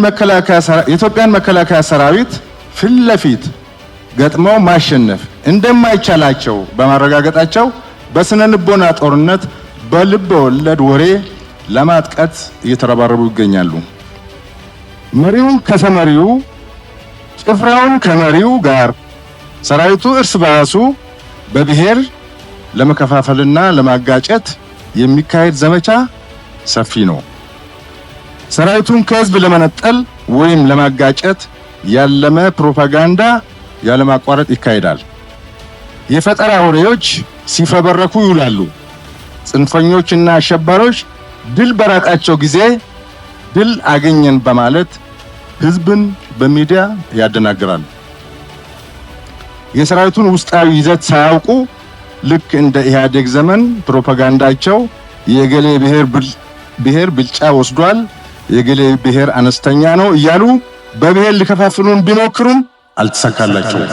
የኢትዮጵያን መከላከያ ሰራዊት ፊት ለፊት ገጥመው ማሸነፍ እንደማይቻላቸው በማረጋገጣቸው በስነ ልቦና ጦርነት በልብ ወለድ ወሬ ለማጥቀት እየተረባረቡ ይገኛሉ። መሪውን ከሰመሪው ጭፍራውን ከመሪው ጋር ሰራዊቱ እርስ በራሱ በብሔር ለመከፋፈልና ለማጋጨት የሚካሄድ ዘመቻ ሰፊ ነው። ሰራዊቱን ከህዝብ ለመነጠል ወይም ለማጋጨት ያለመ ፕሮፓጋንዳ ያለማቋረጥ ይካሄዳል። የፈጠራ ወሬዎች ሲፈበረኩ ይውላሉ። ጽንፈኞችና አሸባሪዎች ድል በራቃቸው ጊዜ ድል አገኘን በማለት ህዝብን በሚዲያ ያደናግራሉ። የሰራዊቱን ውስጣዊ ይዘት ሳያውቁ ልክ እንደ ኢህአዴግ ዘመን ፕሮፓጋንዳቸው የገሌ ብሔር ብልጫ ወስዷል የገሌ ብሔር አነስተኛ ነው እያሉ በብሔር ሊከፋፍሉን ቢሞክሩም አልተሳካላቸውም።